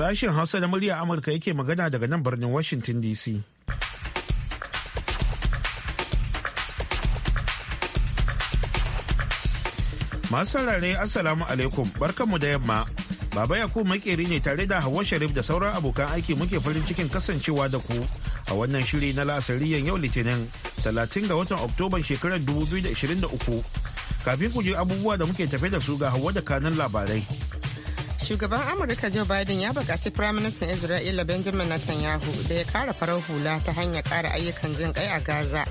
Sashen Hausa na murya Amurka yake magana daga nan birnin Washington DC. Masu saurare Assalamu alaikum barkanmu da yamma. Baba Yakubu makeri ne tare da Hawwa Sharif da sauran abokan aiki muke farin cikin kasancewa da ku a wannan shiri na lasariyan yau Litinin talatin ga watan Oktoban shekarar 2023. Kafin ku je abubuwa da muke tafe da su ga Hawwa da kanan labarai. Shugaban Amurka Joe Biden ya buƙaci Firaministan Isra'ila Benjamin Netanyahu da ya kara farar hula ta hanyar ƙara ayyukan jin kai a Gaza.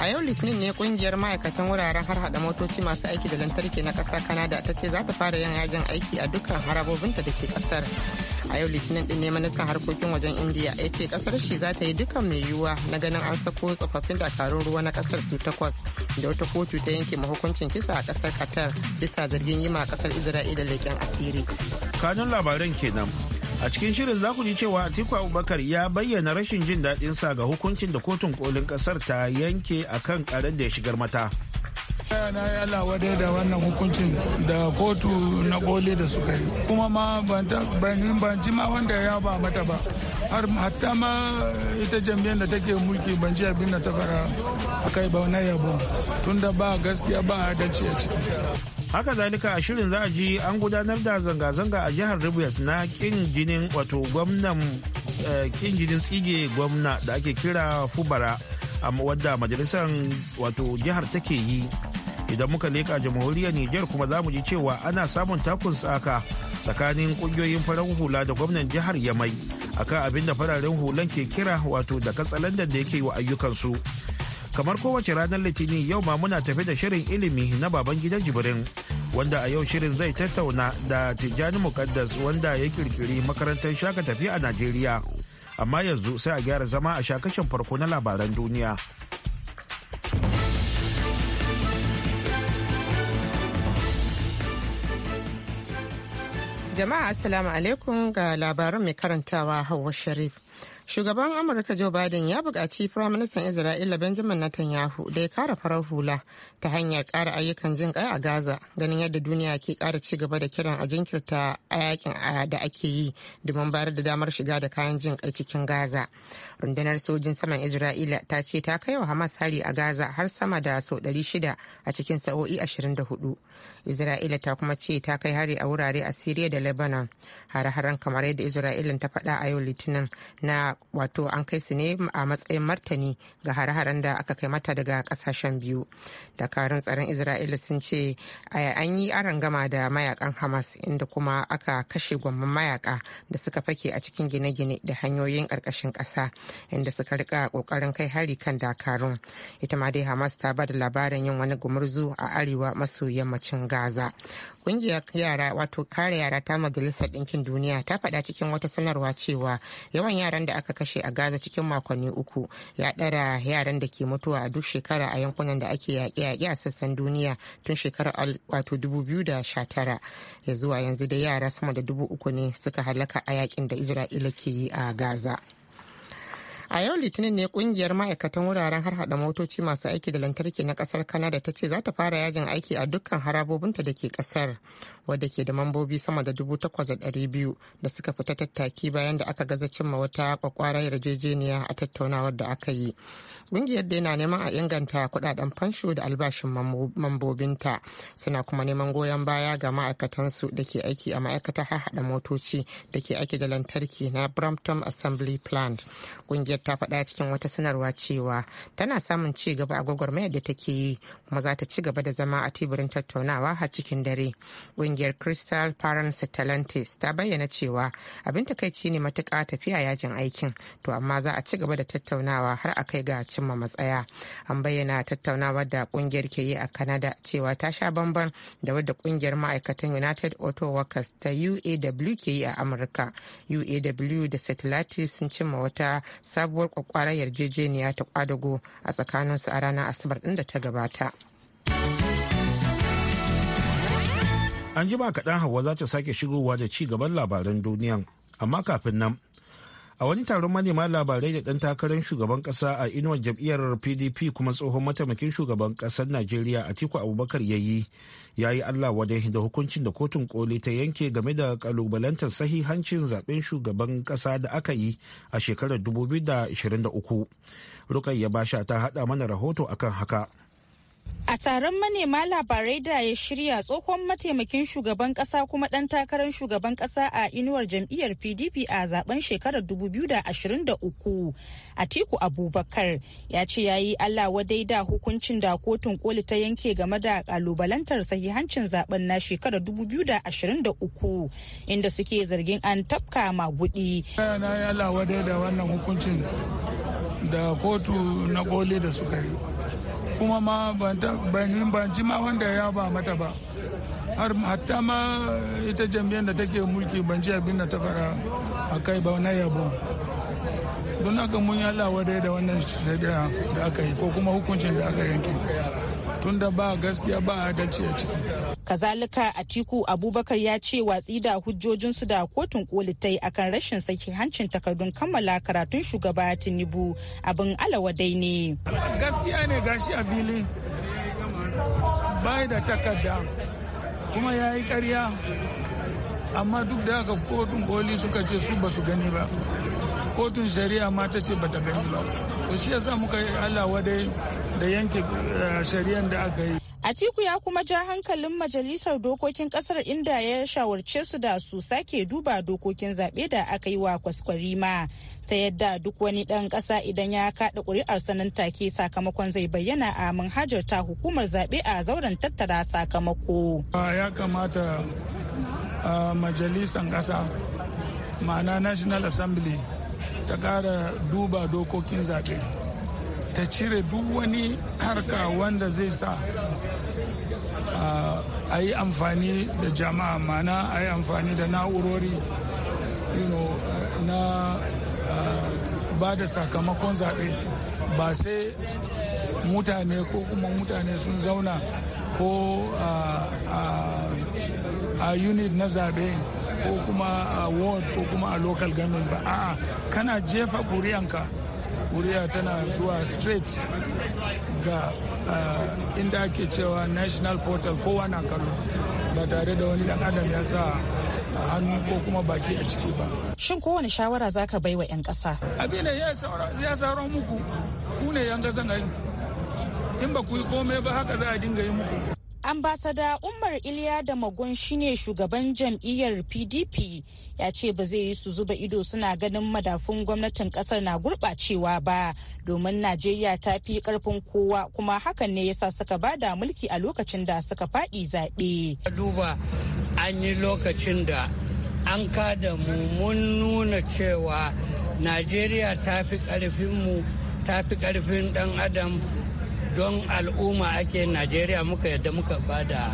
A yau Litinin ne kungiyar ma'aikatan wuraren har hada motoci masu aiki da lantarki na kasa Kanada ta ce za ta fara yin yajin aiki a dukkan harabobinta da ke kasar. a yau litinin din ne ministan harkokin wajen india ya ce kasar shi za ta yi dukkan mai yiwuwa na ganin an sako tsofaffin dakarun ruwa na kasar su takwas da wata kotu ta yanke mahukuncin kisa a kasar qatar bisa zargin yi ma kasar isra'ila leƙen asiri tsakanin labaran kenan. A cikin shirin za ku ji cewa Atiku Abubakar ya bayyana rashin jin sa ga hukuncin da kotun kolin ƙasar ta yanke a kan ƙarar da ya shigar mata. na yi alawa da wannan hukuncin da kotu na koli da suka yi kuma ma ban ji ma wanda ya ba mata ba har hatta ma ita jam'iyyar da take mulki ban ji abin da ta fara a kai ba na yabo tunda ba gaskiya ba adalci a ciki haka zalika a shirin za a ji an gudanar da zanga-zanga a jihar Rivers na kin jinin wato gwamnan eh, kin jinin tsige gwamna da ake kira fubara a wadda majalisar wato jihar take yi idan muka leka jamhuriyar niger kuma za mu ji cewa ana samun takun tsaka tsakanin ƙungiyoyin farar hula da gwamnan jihar yamai akan abin da fararen hulan ke kira wato da katsalandan da yake wa ayyukansu kamar kowace ranar litinin yau ma muna tafi da shirin ilimi na baban gidan jibrin wanda a yau shirin zai tattauna da Tijjani Mukaddas wanda ya kirkiri makarantar shaka tafi a Najeriya. Amma yanzu sai a gyara zama a shakashin farko na labaran duniya. Jama'a Assalamu alaikum ga labarin mai karantawa Hauwa Sharif. shugaban amurka joe biden ya buƙaci firaministan isra'ila benjamin netanyahu da ya kara farar hula ta hanyar ƙara ayyukan jin kai a gaza ganin yadda duniya ke kara ci gaba da kiran a jinkirta a yakin da ake yi domin bayar da damar shiga da kayan jin kai cikin gaza rundunar sojin saman isra'ila ta ce ta kai wa hamas hari a gaza har sama da sau shida a cikin sa'o'i da hudu isra'ila ta kuma ce ta kai hari a wurare a syria da lebanon hare-haren kamar yadda isra'ila ta faɗa a yau litinin na wato an kai su ne a matsayin martani ga hare-haren da aka kai mata daga kasashen biyu dakarun tsaron isra'ila sun ce an yi gama da mayakan hamas inda kuma aka kashe gwamman mayaka da suka fake a cikin gine-gine da hanyoyin ƙarƙashin ƙasa inda suka rika ƙoƙarin kai hari kan dakarun ita ma dai hamas ta ba da labarin yin wani gumurzu a arewa maso yammacin gaza kungiyar yara wato kare yara ta majalisar ɗinkin duniya ta faɗa cikin wata sanarwa cewa yawan yaran da aka kashe a gaza cikin makonni uku ya ɗara yaran da ke mutuwa a duk shekara a yankunan da ake yaƙe-yaƙe a sassan duniya tun shekarar wato 2019 ya zuwa yanzu da yara sama da dubu uku ne suka halaka a yaƙin da isra'ila ke yi a gaza. a yau litinin ne kungiyar ma'aikatan wuraren harhaɗa motoci masu aiki da lantarki na kasar kanada ta ce za ta fara yajin aiki a dukkan harabobinta da ke kasar wadda ke da mambobi sama da dubu takwas da ɗari biyu da suka fita tattaki bayan da aka gaza cimma wata kwakwarar yarjejeniya a tattaunawar da aka yi kungiyar da yana neman a inganta kudaden fansho da albashin mambobinta suna kuma neman goyon baya ga ma'aikatansu da ke aiki a ma'aikatar harhaɗa motoci da ke aiki da lantarki na brampton assembly plant kungiyar ta faɗa cikin wata sanarwa cewa tana samun ci gaba a mayar da take yi kuma za ta ci gaba da zama a teburin tattaunawa har cikin dare ƙungiyar crystal parents talentis ta bayyana cewa abin takaici ne matuƙa tafiya yajin aikin to amma za a ci gaba da tattaunawa har a kai ga cimma matsaya an bayyana tattaunawa da ƙungiyar ke yi a canada cewa ta sha bamban da wadda ƙungiyar ma'aikatan united auto workers ta uaw ke yi a amurka uaw da satellite sun cimma wata sabuwar sabuwar kwakwara yarjejeniya ta kwadago a tsakaninsu a ranar asabar ɗin da ta gabata an jima kaɗan hawa za ta sake shigowa da ci gaban labaran duniyan amma kafin nan a wani taron manema labarai da ɗan takarar shugaban ƙasa a inuwar jam'iyyar pdp kuma tsohon mataimakin shugaban ƙasar najeriya atiku abubakar ya yi ya yi allah wadai da hukuncin da kotun koli ta yanke game da kalubalantar sahihancin zaben shugaban ƙasa da aka yi a shekarar 2023 rukayya basha ta haɗa mana rahoto akan haka A taron manema labarai da ya shirya tsohon mataimakin shugaban kasa kuma ɗan takarar shugaban kasa a inuwar jam'iyyar PDP a zaben shekarar 2023 Atiku Abubakar ya ce ya yi Allah wadai da hukuncin da kotun koli ta yanke game da kalubalantar sahihancin zaben na shekarar 2023 inda suke zargin an tafka magudi. Na yi Allah wadai da wannan hukuncin da kotu na koli da suka yi. kuma ma ban ji ma wanda ya ba mata ba har hatta ma ita jam'iyyar da take mulki ban ji abin da ta fara a kai ba na yabo don haka mun yi alawa da wannan shari'a da aka yi ko kuma hukuncin da aka yanke tunda ba gaskiya ba adalci a ciki kazalika atiku abubakar ya ce watsi da hujjojinsu da kotun koli ta akan rashin saki hancin takardun kammala karatun shugaba tinubu abin alawadai ne gaskiya ne gashi a fili bai da takarda kuma ya yi karya amma duk da haka kotun koli suka ce su ba su gani ba kotun shari'a ma ta ce ba ta gani ba ba shi yasa muka yi Allah wadai da yanke eh, shari'an da aka yi Atiku ya kuma ja hankalin majalisar dokokin kasar inda ya shawarce su da su sake duba dokokin zaɓe da aka yi wa kwaskwarima ta yadda duk wani ɗan ƙasa idan ya kaɗa ƙuri'ar sanin take sakamakon zai bayyana a manhajar ta hukumar zaɓe a zauren tattara sakamako. Ya kamata majalisar ƙasa ma'ana National Assembly ta ƙara duba dokokin zaɓe ta cire duk wani harka wanda zai sa ah, a yi amfani da jama'a mana a yi amfani da na'urori na ah, ba da sakamakon zaɓe ba sai mutane ko kuma mutane sun zauna ko ah, a unit na zaɓe ko kuma a ward ko kuma a local government ba a'a kana jefa kuri'anka kuri'a tana zuwa straight ga inda ake cewa national portal kowa na kano ba tare da wani dan adam ya sa hannu ko kuma baki a ciki ba. Shin kowane shawara za ka wa 'yan kasa. Abin da ya sauran muku, ku ne 'yan ƙasan in ba ku yi komai ba haka za a dinga yi muku. ambasada umar iliya da magon shine shugaban jam'iyyar pdp ya ce ba zai yi su zuba ido suna ganin madafun gwamnatin kasar na gurɓacewa ba domin najeriya ta fi karfin kowa kuma hakan ne yasa suka bada mulki a lokacin da suka faɗi zaɓe. duba an yi lokacin da an kada mu mun nuna cewa najeriya ta fi ƙarfinmu ta fi ƙarfin ɗan adam don al'umma ake najeriya muka yadda muka bada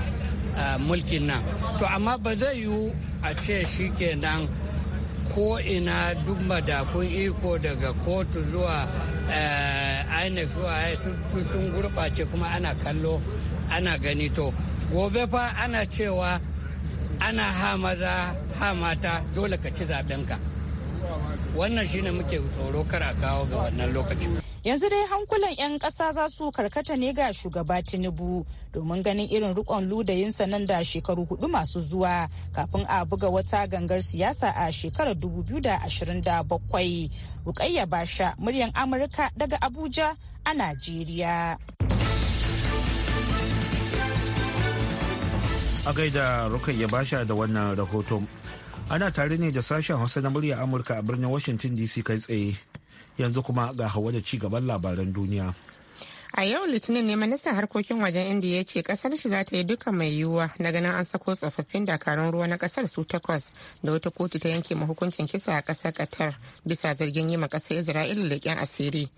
mulkin nan to amma ba zai yiwu a ce shi kenan ko ina duk madafun iko daga kotu zuwa inec zuwa sun gurɓace kuma ana kallo ana gani to gobe fa ana cewa ana ha maza ha mata dole ka ci ka wannan shine muke tsoro kar a kawo ga wannan lokacin yanzu dai hankulan 'yan ƙasa za su karkata ne ga shugaba tinubu domin ganin irin rikon ludayinsa nan da shekaru hudu masu zuwa kafin a buga wata gangar siyasa a shekarar 2027 rukayya basha muryan amurka daga abuja a najeriya a gaida rukayya basha da wannan rahoton ana tare ne da sashen hausa na murya amurka a birnin washington dc kai tsaye yanzu kuma ga hawa da ci gaban labaran duniya. A yau Litinin ne ministan harkokin wajen Indiya ya ce kasar shi za ta yi duka mai yiwuwa na ganin an sako tsofaffin dakarun ruwa na kasar su takwas da wata kotu ta yanke hukuncin kisa a kasar Qatar bisa zargin yi ma kasar Isra'ila leƙen asiri.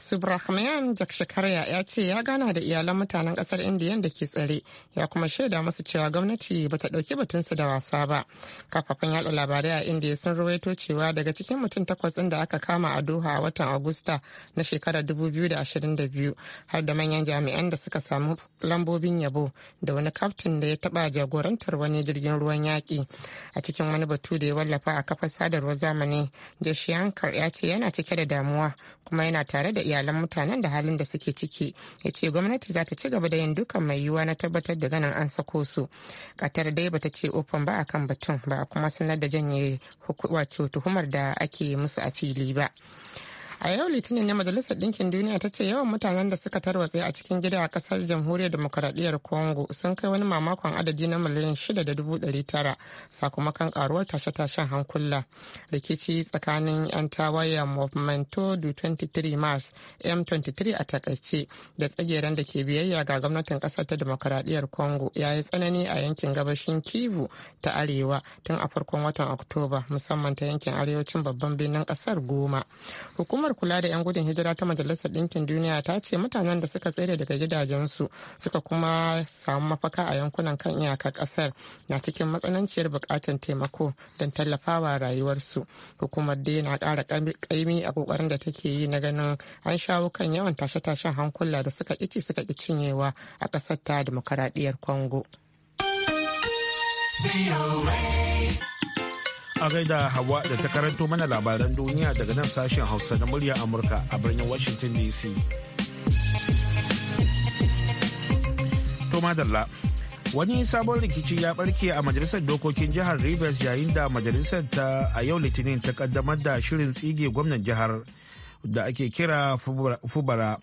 subrahman Jakshakarya ya ce ya gana da iyalan mutanen kasar Indiya da ke tsare ya kuma shaida musu cewa gwamnati ba ta ɗauki batunsu da wasa ba. Kafafen yatsa labarai a Indiya sun ruwaito cewa daga cikin mutum takwas ɗin da aka kama a Doha a watan Agusta na shekarar 2022 har da manyan jami'an da suka samu lambobin yabo da wani kaftin da ya taba jagorantar wani jirgin ruwan yaƙi a cikin wani batu da ya wallafa a kafar sadarwar zamani jeshi hankar ya ce yana cike da damuwa kuma yana tare da iyalan mutanen da halin da suke ciki ya ce gwamnati za ta ci gaba da yin dukan mai yiwuwa na tabbatar da ganin an sako su katar dai bata ce ofan ba a kan batun ba kuma sanar da janye wato tuhumar da ake musu a fili ba. a yau litinin ne majalisar ɗinkin duniya ta ce yawan mutanen da suka tarwatse a cikin gida a ƙasar jamhuriyar demokaradiyyar congo sun kai wani mamakon adadi na miliyan shida da tara sakamakon karuwar tashe-tashen hankula rikici tsakanin 'yan tawaya movimento du 23 mars m23 a takaice da tsageren da ke biyayya ga gwamnatin ƙasar ta demokaradiyyar congo ya yi tsanani a yankin gabashin kivu ta arewa tun a farkon watan oktoba musamman ta yankin arewacin babban birnin ƙasar goma hukumar hukumar kula da 'yan gudun hijira ta majalisar ɗinkin duniya ta ce mutanen da suka tsere daga gidajensu suka kuma samu mafaka a yankunan kan iyakar ƙasar na cikin matsananciyar buƙatar taimako don tallafawa rayuwarsu hukumar dai na ƙara ƙaimi a ƙoƙarin da take yi na ganin an shawo kan yawan tashe-tashen hankula da suka ƙici suka ƙi cinyewa a ƙasar ta dimokuraɗiyar congo. a gaida hawa da ta karanto mana labaran duniya daga nan sashen hausa na murya amurka a birnin washington dc wani sabon rikici ya barke a majalisar dokokin jihar rivers yayin da majalisar ta a yau litinin ta kaddamar da shirin tsige gwamnan jihar da ake kira fubara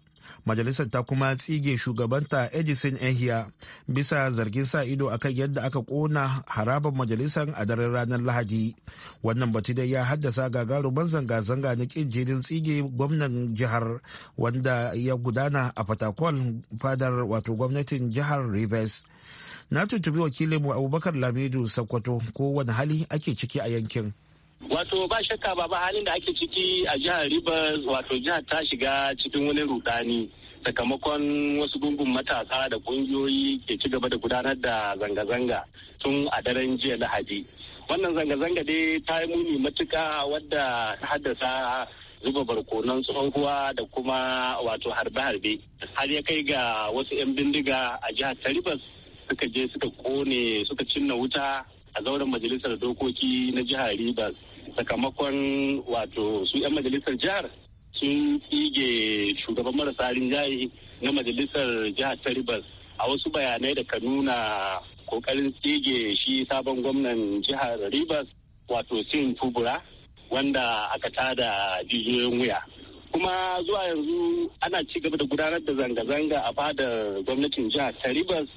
majalisar ta kuma tsige shugabanta edison ehia bisa zargin sa ido a akan yadda aka kona harabar majalisar a daren ranar lahadi wannan batu dai ya haddasa gagaruman zanga-zanga na kin jirin tsige gwamnan jihar wanda ya gudana a fatakwal fadar wato gwamnatin jihar rivers na tuntubi wakilinmu abubakar lamidu sakwato ko wani hali ake ciki a yankin Wato ba shakka ba halin da ake ciki a jihar Rivers wato jihar ta shiga cikin wani rudani sakamakon wasu gungun matasa da kungiyoyi ke ci gaba da gudanar da zanga-zanga tun a daren jiya Lahadi. Wannan zanga-zanga dai ta yi muni matuka wadda ta haddasa zuba barkonon tsohuwa da kuma wato harbe-harbe har ya kai ga wasu 'yan bindiga a jihar taribas suka je suka kone suka cinna wuta a zauren majalisar dokoki na jihar ribas sakamakon wato su 'yan majalisar jihar sun tsige shugaban marasa rinjaye na majalisar jihar ta ribas a wasu bayanai da ka nuna kokarin tsige shi sabon gwamnan jihar ribas wato sin tubura wanda aka tada jijiyoyin wuya kuma zuwa yanzu ana ci gaba da gudanar da zanga-zanga a fadar gwamnatin jihar ta ribas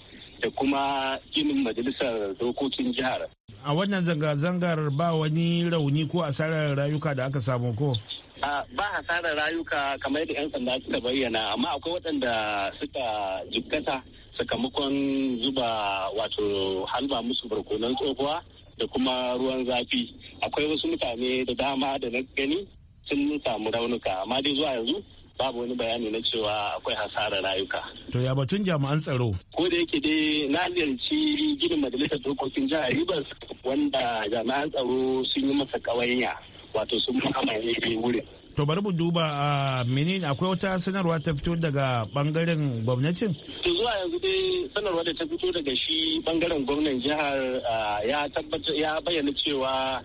da kuma ginin majalisar dokokin jihar. A wannan zanga-zangar ba wani rauni ko asarar rayuka da aka samu ko? Ba asarar rayuka kamar yadda 'yan sanda suka bayyana amma akwai waɗanda suka jikkata sakamakon zuba wato halba musu barkonon tsohuwa da kuma ruwan zafi. Akwai wasu mutane da dama da na gani sun samu raunuka amma dai zuwa yanzu babu wani bayani na cewa akwai hasarar rayuka. To ya batun jami'an tsaro? Ko da yake dai na ziyarci gidan majalisar dokokin jihar Rivers wanda jami'an tsaro sun yi masa kawanya wato sun mamaye wurin. To bari mu duba a akwai wata sanarwa ta fito daga bangaren gwamnatin? To zuwa yanzu dai sanarwa da ta fito daga shi bangaren gwamnan jihar ya tabbatar ya bayyana cewa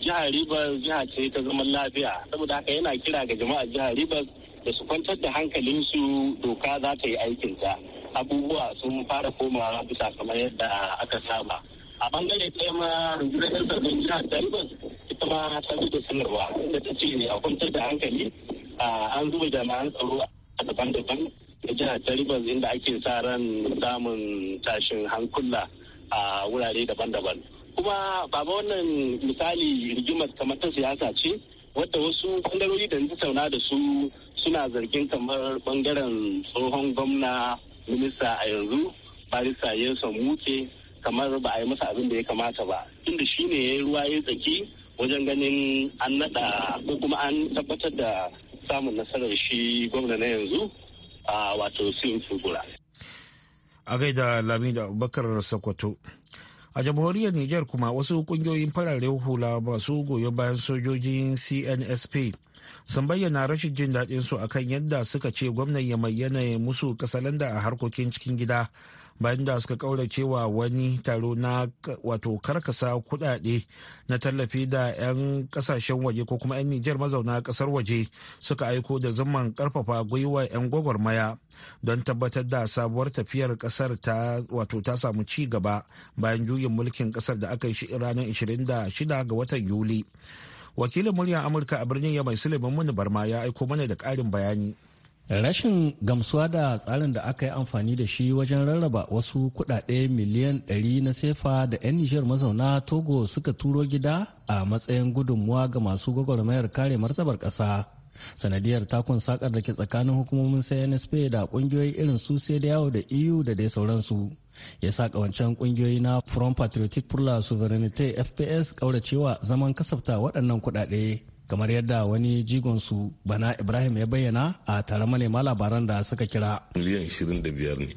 jihar Rivers jiha ce ta zaman lafiya saboda haka yana kira ga jama'a jihar Rivers da su kwantar da hankalinsu doka za ta yi aikinta abubuwa sun fara komawa bisa kamar yadda aka saba a bangare ɗaya ma rundunar sabbin jihar dalibas ita ma ta da sanarwa da ta ce ne a kwantar da hankali an zuba jama'an tsaro a daban-daban da jihar dalibas inda ake sa ran samun tashin hankula a wurare daban-daban kuma baba wannan misali rigimar kamar ta siyasa ce wadda wasu bangarori da na sauna da su suna zargin kamar bangaren tsohon gwamna minista a yanzu barista Yeson Muke kamar ba a yi masa abin da ya kamata ba inda shi ne ya yi ruwa ya tsaki wajen ganin an naɗa ko kuma an tabbatar da samun nasarar shi gwamna na yanzu a wato sin fugura. a gaida lamida abubakar sakwato a jamhuriyar niger kuma wasu kungiyoyin fararen hula masu goyon bayan sojojin cnsp sun bayyana rashin jin daɗin su akan yadda suka ce gwamnan ya mayyana musu kasalanda a harkokin cikin gida bayan da suka kaura cewa wani taro na wato karkasa kudade na tallafi da 'yan kasashen waje ko kuma 'yan nijar mazauna ƙasar waje suka aiko da zaman karfafa gwiwa 'yan gwagwarmaya don tabbatar da sabuwar tafiyar ƙasar ta wato ta samu ci gaba bayan juyin mulkin ƙasar da aka yi shi ranar 26 ga watan yuli wakilin muryar amurka a birnin yamai suleiman muni barma ya aiko mana da karin bayani rashin gamsuwa da tsarin da aka yi amfani da shi wajen rarraba wasu kudade miliyan 100 na sefa da 'yan nijar mazauna togo suka turo gida a matsayin gudunmuwa ga masu gwagwarmayar kare martabar ƙasa sanadiyar takun sakar da ke tsakanin hukumomin cnsp da kungiyoyi irin su sai da yawo e da eu da dai sauransu ya sa kawancan kungiyoyi na Front Patriotic pour la Souveraineté FPS kauracewa zaman kasafta waɗannan kuɗaɗe kamar yadda wani jigonsu bana Ibrahim ya bayyana a tare manema labaran da suka kira. Miliyan 25 ne.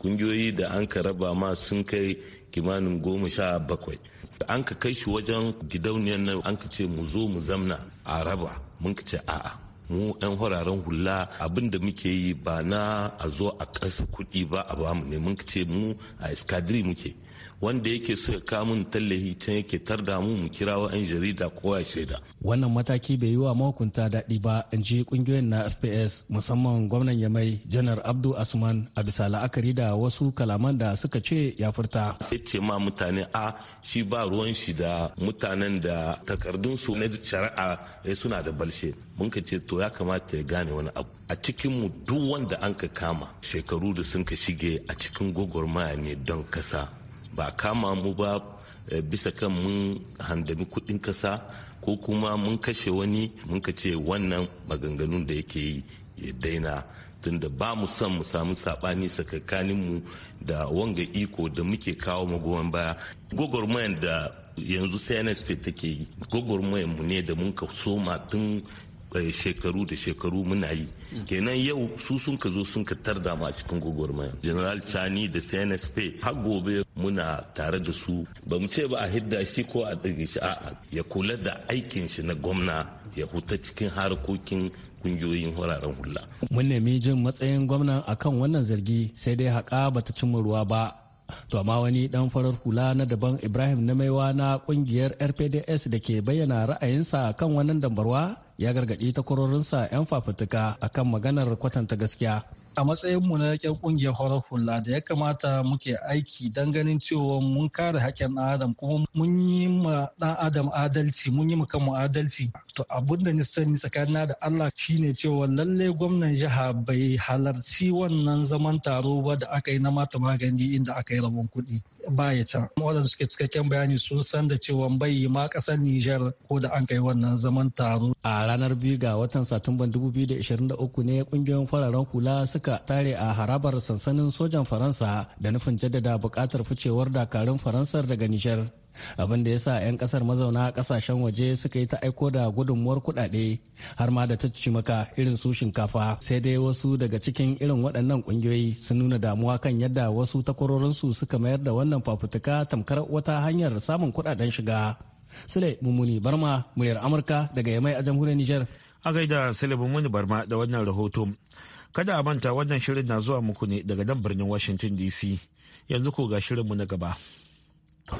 Kungiyoyi da an ka raba ma sun kai kimanin goma sha bakwai. An ka kai shi wajen gidauniyar nan an ka ce mu zo mu zamna a raba mun ka ce a'a. mu 'yan hararen hula abin da muke yi ba na a zo a kasa kuɗi ba a mu ne mun ce mu a iskadiri muke wanda yake so ya kamun tallahi can yake tar da mu mu kira wa 'yan jarida ko ya shaida. Wannan mataki bai yi wa mahukunta daɗi ba in ji kungiyoyin na FPS musamman gwamnan Yamai Janar Abdu Asman a bisa la'akari da wasu kalaman da suka ce ya furta. Sai ce ma mutane a shi ba ruwan shi da mutanen da takardun su na shari'a eh, suna da balshe. Mun ka ce to ya kamata ya gane wani abu. A cikin mu duk wanda an ka kama shekaru da sun ka shige a cikin gwagwarmaya ne don kasa ba kama mu ba eh, bisa kan mun handami kudin kasa ko kuma mun kashe wani mun ka ce wannan maganganun da yake yi ya daina tunda ba mu son mu samu sabani mu da wanga iko da muke kawo magoman baya gwagwarmayan da yanzu cnsp take yi gwagwarmayan mu ne da mun ka soma tun Eh, shekaru da shekaru muna yi mm. kenan yau su sun ka zo sun ka tarda ma cikin gwagwarmaya general chani da cnsp har gobe muna tare da su ba mu ce ba a hidda shi ko a ɗage shi a'a ya kula da aikin shi na gwamna ya huta cikin harkokin kungiyoyin wuraren hula. Mun nemi jin matsayin gwamnan akan wannan zargi sai dai haƙa bata cimma ruwa ba To amma wani dan farar hula na daban Ibrahim na maiwa na kungiyar RPDS da ke bayyana ra'ayinsa kan wannan dambarwa ya gargaɗi takwarorinsa 'yan fafutuka akan maganar kwatanta gaskiya. a matsayinmu na yakin kungiyar horar hula da ya kamata muke aiki don ganin cewa mun kare haƙƙin ɗan adam kuma mun yi ma ɗan adam adalci mun yi ma kanmu adalci to abin da ni sani tsakanina da Allah shine cewa lallai gwamnan jiha bai halarci wannan zaman taro ba da aka yi na mata magani inda aka yi rabon kuɗi baya can waɗanda suke cikakken bayani sun san da cewa bai yi ma ƙasar Nijar ko da an kai wannan zaman taro a ranar biyu ga watan Satumban 2023 ne ƙungiyoyin fararen hula suka suka tare a harabar sansanin sojan faransa da nufin jaddada buƙatar ficewar dakarun faransar daga nishar abin da ya sa 'yan kasar mazauna kasashen waje suka yi ta aiko da gudunmuwar kudade har ma da ta maka irin su shinkafa sai dai wasu daga cikin irin waɗannan kungiyoyi sun nuna damuwa kan yadda wasu takwarorinsu suka mayar da wannan fafutuka tamkar wata hanyar samun kudaden shiga sule mummuni barma muryar amurka daga yamai a jamhuriyar nijar a gaida sule mummuni barma da wannan rahoton. Kada a manta wannan shirin na zuwa muku ne daga nan birnin Washington DC. Yanzu ko ga shirinmu na gaba.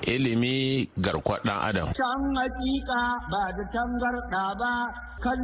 Ilimi garkuwar ɗan Adam. Can hakika ba da tangarɗa ba kan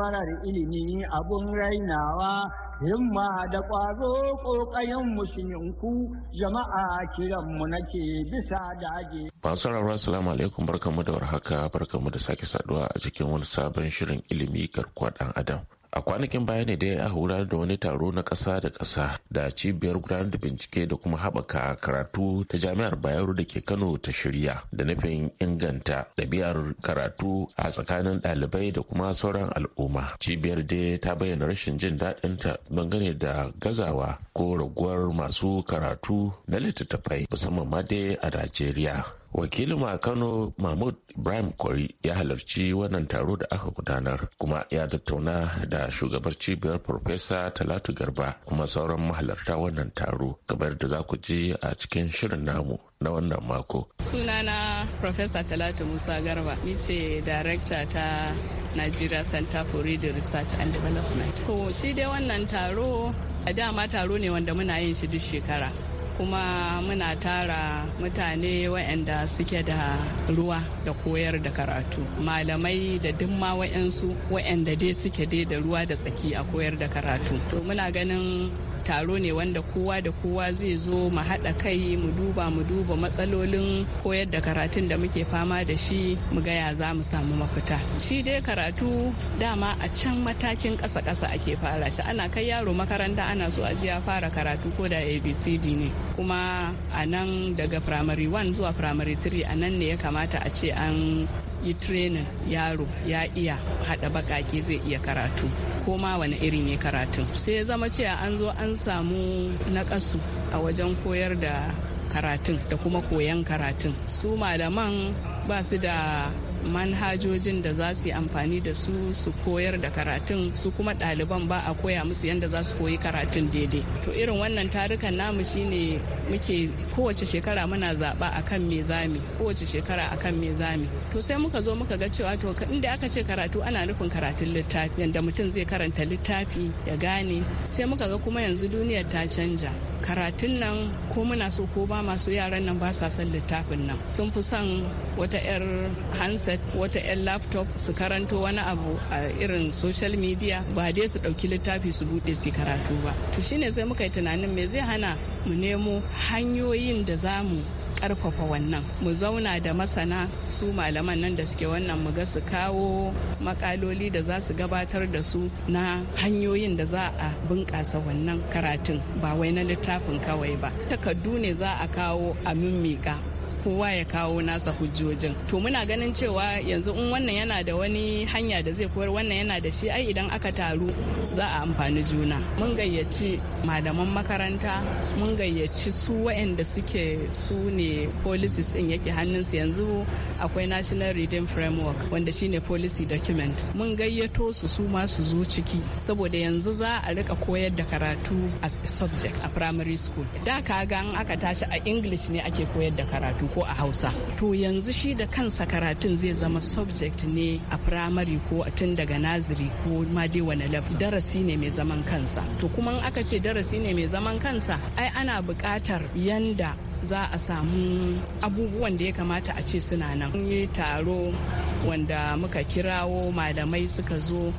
marar ilimi abun rainawa himma da ƙwazo ƙoƙayen musulunku jama'a mu nake bisa dage. Masu rarra salamu alaikum barkamu da warhaka barkamu da sake saduwa a cikin wani sabon shirin ilimi garkuwa ɗan adam. a kwanakin baya ne dai aka gudanar da wani taro na ƙasa da ƙasa da cibiyar gudanar da bincike da kuma haɓaka karatu ta jami'ar bayero da ke kano ta shirya da nufin inganta ɗabi'ar karatu a tsakanin ɗalibai da kuma sauran al'umma cibiyar dai ta bayyana rashin jin daɗin ta dangane da gazawa ko raguwar masu karatu na littattafai musamman ma dai a najeriya wakilin a kano mahmud ibrahim kwari ya halarci wannan taro da aka gudanar kuma ya tattauna da shugabar cibiyar farfesa talatu garba kuma sauran mahalarta wannan taro kamar da za ku ji a cikin shirin namu na wannan mako sunana farfesa talatu musa garba ni ce darekta ta nigeria center for reading research and development ko shi dai wannan taro a dama taro ne wanda muna yin shi duk shekara kuma muna tara mutane waɗanda suke da ruwa da koyar da karatu malamai da duma ma waɗansu waɗanda dai suke dai da ruwa da tsaki a koyar da karatu to muna ganin taro ne wanda kowa da kowa zai zo mu haɗa kai mu duba mu duba matsalolin koyar da karatun da muke fama da shi mu gaya za mu samu mafita shi dai karatu dama a can matakin ƙasa-ƙasa ake fara shi ana kai yaro makaranta ana so a ya fara karatu ko da abcd ne kuma a nan daga primary 1 zuwa primary 3 a nan ne ya kamata a ce an yi training yaro ya iya haɗa baƙaƙe zai iya karatu ko ma wani irin ya karatu sai ya zama cewa an zo an samu naƙasu a wajen koyar da karatun da kuma koyan karatun su malaman ba su da manhajojin da za su yi amfani da su su koyar da karatun su kuma ɗaliban ba a koya musu yadda za su koyi karatun daidai to irin wannan tarukan namu shine muke kowace shekara muna zaba akan me zami kowace shekara akan me zami to sai muka zo muka ga cewa to inda aka ce karatu ana nufin karatun littafi yadda mutum zai karanta littafi ya gane sai muka ga kuma yanzu duniyar ta canja karatun nan ko muna so ko ba masu yaran nan ba sa son littafin nan sun fi son wata 'yar handset wata 'yar laptop su karanto wani abu a irin social media ba dai su ɗauki littafi su buɗe su karatu ba to shine sai muka yi tunanin me zai hana mu nemo hanyoyin da za mu karfafa wannan mu zauna da masana su malaman nan da suke wannan mu ga su kawo makaloli da za su gabatar da su na hanyoyin da za a bunƙasa wannan karatun ba wai na littafin kawai ba takardu ne za a kawo a mimmiƙa kowa ya kawo nasa hujjojin to muna ganin cewa yanzu in wannan yana da wani hanya da zai koyar wannan yana da shi ai idan aka taru za a amfani juna mun gayyaci malaman makaranta mun gayyaci su waɗanda suke su ne policies in yake hannunsu yanzu akwai national reading framework wanda shine policy document mun gayyato su su ma su zo ciki saboda yanzu za a rika koyar da karatu as a subject a primary school da kaga an aka tashi a english ne ake koyar da karatu ko a hausa to yanzu shi da kansa karatun zai zama subject ne a primary ko tun daga naziri ko ma dai wani level darasi ne mai zaman kansa to kuma aka ce darasi ne mai zaman kansa ai ana buƙatar yanda za a samu abubuwan da ya kamata a ce suna nan. Mun yi taro wanda muka kirawo malamai suka zo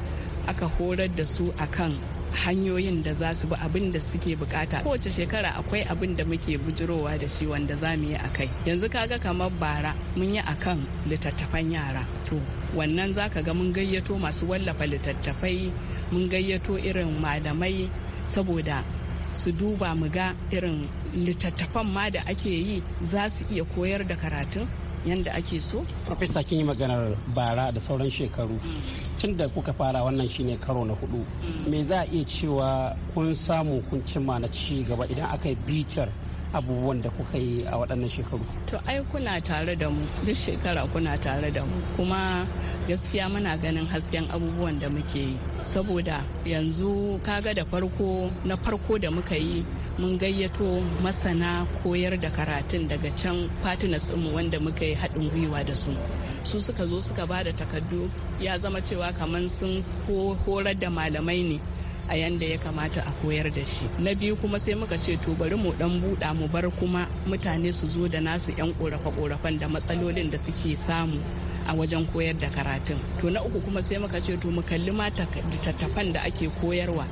aka horar da su akan hanyoyin da za su bi abin da suke bukata kowace shekara akwai abin da muke bujirowa da shi wanda za mu yi a kai yanzu kaga kamar bara mun yi akan littattafan yara to wannan za ka ga mun gayyato masu wallafa littattafai mun gayyato irin malamai saboda su duba mu ga irin littattafan ma da ake yi za su iya koyar da karatun yadda ake so. Profesa kin yi maganar bara da sauran shekaru. Mm. Tun da kuka fara wannan shine karo na hudu. Mm. Me za a iya cewa kun samu kun cimma na ci gaba idan aka yi bitar abubuwan da kuka yi a waɗannan shekaru? To ai kuna tare da mu duk shekara kuna tare da mu kuma gaskiya muna ganin hasken abubuwan da muke yi saboda yanzu kaga da farko na farko da muka yi mun gayyato masana koyar da karatun daga can partners mu wanda muka yi haɗin gwiwa da su su suka zo suka ba da takardu ya zama cewa kamar sun horar da malamai ne a yanda ya kamata a koyar da shi na biyu kuma sai muka ce to bari mu dan buɗa mu bar kuma mutane su zo da nasu 'yan ƙorafe-ƙorafen da matsalolin da suke samu a wajen koyar da karatun to na uku kuma sai muka ce to mu kalli ma littattafan da ake koyarwa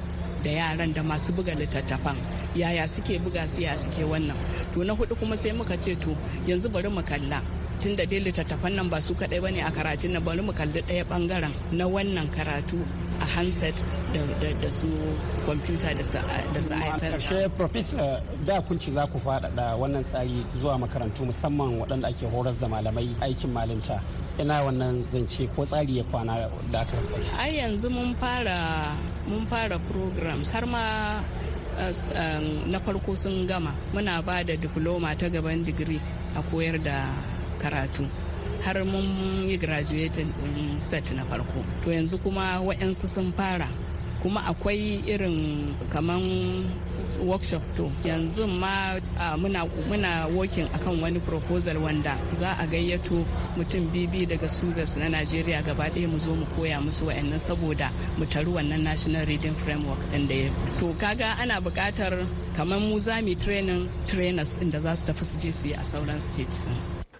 da yaran da masu buga littattafan yaya suke buga su ya suke wannan to na hudu kuma sai muka ce to yanzu bari mu kalla karatun da dai littattafan nan ba su kaɗai ba ne a karatun nan bari mu kalli ɗaya ɓangaren na wannan karatu a handset da su kwamfuta da su aikata. Karshe Professor da kunci za ku faɗaɗa wannan tsari zuwa makarantu musamman waɗanda ake horas da malamai aikin malinta. Ina wannan zance ko tsari ya kwana da aka Ai yanzu mun fara mun fara programs har ma um, na farko sun gama muna ba da diploma ta gaban digiri a koyar da karatu har mun yi graduating din set na farko to yanzu kuma waɗansu sun fara kuma akwai irin kaman workshop to yanzu ma muna muna working akan wani proposal wanda za a gayyato mutum bibi daga suburbs na Najeriya gaba ɗaya mu zo mu koya musu wa'annan saboda mu taru wannan National Reading Framework ɗin da ya to kaga ana buƙatar kamar mu za mu training trainers inda za su tafi su je su yi a sauran states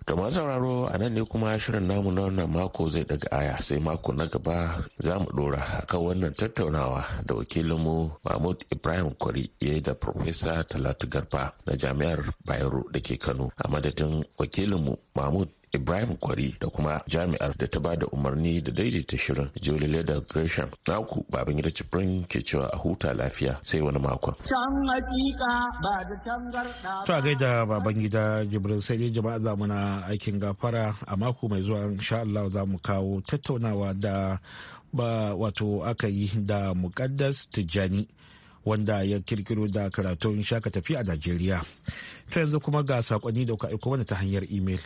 ga masu sauraro a nan ne kuma shirin namu na wannan mako zai daga aya sai mako na gaba za mu dora akan wannan tattaunawa da wakilinmu Mahmud Ibrahim Kwari ya da Profesa Talatu Garba na Jami'ar Bayero da ke Kano a madadin wakilinmu Mahmud ibrahim kwari da kuma jami'ar da ta ba da umarni da daidaita shirin joli leda gresham naku babin gida cifrin ke cewa a huta lafiya sai wani makon. can to a gaida baban gida jibrin sai dai jama'a za mu na aikin gafara a mako mai zuwa insha Allah za mu kawo tattaunawa da ba wato aka yi da muƙaddas tijjani. wanda ya kirkiro da karatun shaka tafi a Najeriya. ta yanzu kuma ga sakonni da kuka aiko mana ta hanyar imel.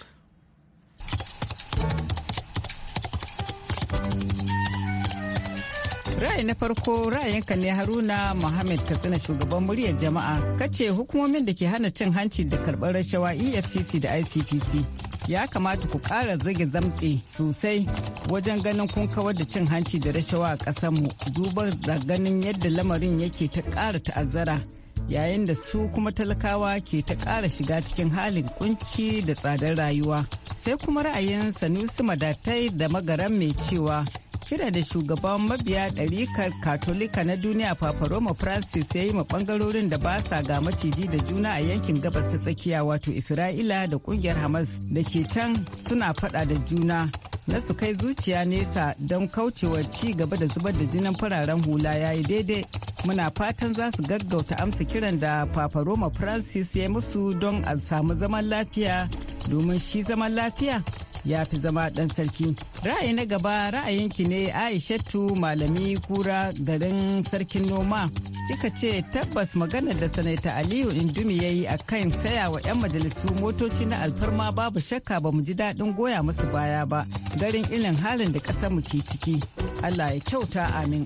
ra'ayi na farko ra'ayinka ne haruna muhammad katsina shugaban muryar jama'a kace hukumomin da ke hana cin hanci da karɓar rashawa efcc da icpc ya kamata ku ƙara zage zamtse sosai wajen ganin kun kawar da cin hanci da rashawa a mu duba da ganin yadda lamarin yake ta ƙara ta'azzara yayin da su kuma talakawa ke ta ƙara shiga cikin halin kunci da tsadar rayuwa sai kuma ra'ayin sanusi madatai da magaran mai cewa kira da shugaban mabiya ɗarikar katolika na duniya papa roma francis ya yi ma ɓangarorin da ba sa ga maciji da juna a yankin gabas ta tsakiya wato isra'ila da ƙungiyar hamas da ke can suna faɗa da juna na su kai zuciya nesa don kaucewa ci gaba da zubar da jinin fararen hula ya yi daidai muna fatan za su gaggauta amsa kiran da papa roma francis ya yi musu don a samu zaman lafiya domin shi zaman lafiya ya fi zama ɗan sarki. Ra'ayi na gaba ra'ayinki ne Aishatu Malami Kura garin sarkin noma. Kika ce tabbas maganar da Sanata Aliyu Indumi ya yi a kan saya wa 'yan majalisu motoci na alfarma babu shakka ba mu ji daɗin goya musu baya ba garin ilin halin da ƙasar mu ke ciki. Allah ya kyauta amin.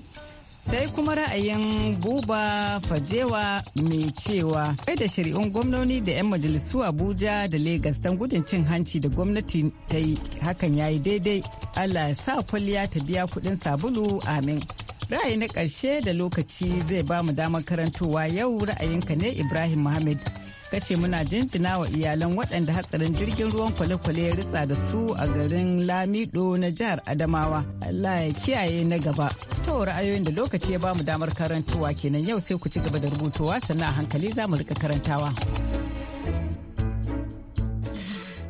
sai kuma ra'ayin buba fajewa mai cewa kai da shari'un gwamnoni da 'yan majalisu abuja da legas don gudun cin hanci da gwamnati ta yi hakan ya yi daidai allah ya sa kwalliya ta biya kudin sabulu amin ra'ayi na ƙarshe da lokaci zai ba mu damar karantowa yau ra'ayinka ne ibrahim muhammad ka ce muna jinjina wa iyalan waɗanda hatsarin jirgin ruwan kwale-kwale ya ritsa da su a garin lamido na jihar adamawa allah ya kiyaye na gaba to ra'ayoyin da lokaci ya bamu damar karantuwa kenan yau sai ku ci gaba da rubutuwa sannan a hankali za mu rika karantawa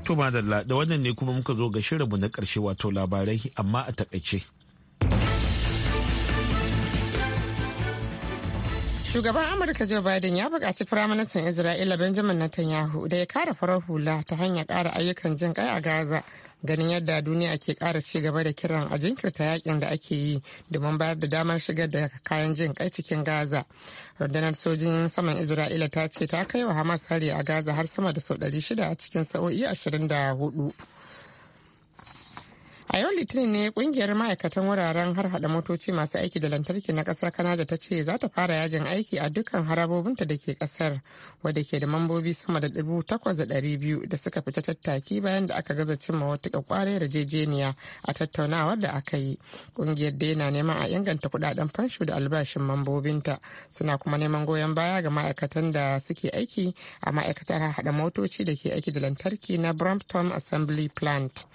to madalla da wannan ne kuma muka zo ga shirinmu na karshe wato labarai amma a takaice Shugaban Amurka Joe Biden ya buƙaci Firaministan Isra'ila Benjamin Netanyahu da ya kara farar hula ta hanyar ƙara ayyukan jin kai a Gaza ganin yadda duniya ke ƙara ci gaba da kiran a jinkirta yakin da ake yi domin bayar da damar shigar da kayan jin kai cikin Gaza. Rundunar sojin saman Isra'ila ta ce ta kai wa Hamas hari a Gaza har sama da sau 600 a cikin sa'o'i 24. a yau litinin ne kungiyar ma'aikatan wuraren har hada motoci masu aiki da lantarki na kasar kanada ta ce za ta fara yajin aiki a dukkan harabobinta da ke kasar wadda ke da mambobi sama da dubu takwas da ɗari biyu da suka fita tattaki bayan da aka gaza cimma wata da jejeniya a tattaunawar da aka yi kungiyar da yana neman a inganta kudaden fansho da albashin mambobinta suna kuma neman goyon baya ga ma'aikatan da suke aiki a ma'aikatar hada motoci da ke aiki da lantarki na brampton assembly plant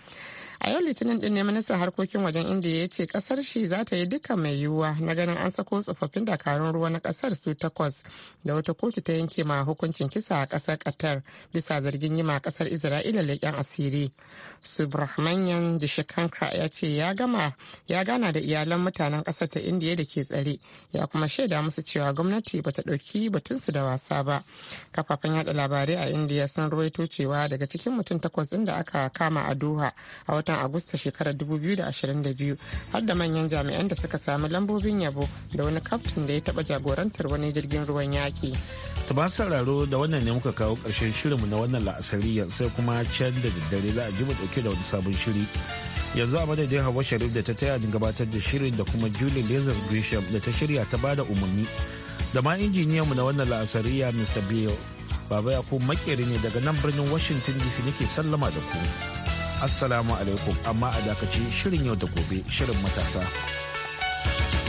a yau litinin din ne ministan harkokin wajen indiya ya ce kasar shi za ta yi duka mai yiwuwa na ganin an sako tsofaffin dakarun ruwa na kasar su takwas da wata kotu ta yanke ma hukuncin kisa a kasar qatar bisa zargin yi ma kasar isra'ila leƙen asiri subrahmanyan jishikankra ya ce ya gama ya gana da iyalan mutanen kasar ta indiya da ke tsare ya kuma shaida musu cewa gwamnati bata ɗauki batunsu da wasa ba kafafen yada labarai a indiya sun ruwaito cewa daga cikin mutum takwas inda da aka kama a doha watan agusta shekarar 2022 har da manyan jami'an da suka sami lambobin yabo da wani kaftin da ya taba jagorantar wani jirgin ruwan yaki ta ba sauraro da wannan ne muka kawo karshen shirinmu na wannan la'asari sai kuma can da daddare za a ji mu dauke da wani sabon shiri yanzu a madadin hawa sharif da ta taya ni gabatar da shirin da kuma julie lazar grisham da ta shirya ta ba da umarni da ma injiniyanmu na wannan la'asariya mr bill baba ya ku makeri ne daga nan birnin washington dc nake sallama da ku. Assalamu alaikum amma a dakaci shirin yau da gobe shirin matasa.